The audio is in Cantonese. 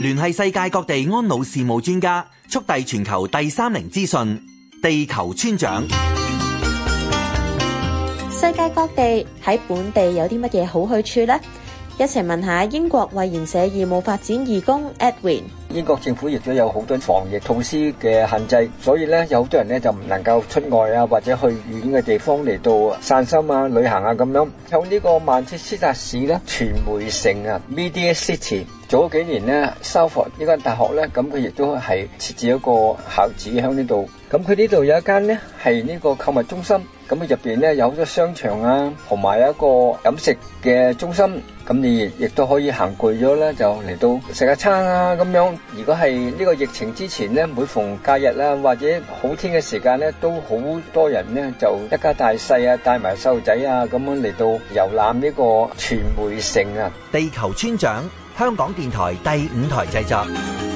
聯繫世界各地安老事務專家，速遞全球第三名資訊。地球村長，世界各地喺本地有啲乜嘢好去處呢？一齊問下英國衛研社義務發展義工 Edwin。英國政府亦都有好多防疫措施嘅限制，所以咧有好多人咧就唔能夠出外啊，或者去遠嘅地方嚟到散心啊、旅行啊咁樣。有呢個曼徹斯特市咧，傳媒城啊，Media City。早幾年咧，收復呢間大學咧，咁佢亦都係設置一個校址喺呢度。咁佢呢度有一間咧，係呢個購物中心。咁佢入邊咧有好多商場啊，同埋有一個飲食嘅中心。咁你亦亦都可以行攰咗咧，就嚟到食下餐啊咁樣。如果係呢個疫情之前咧，每逢假日啦，或者好天嘅時間咧，都好多人咧就一家大細啊，帶埋細路仔啊，咁樣嚟到遊覽呢個傳媒城啊，地球村長。香港電台第五台製作。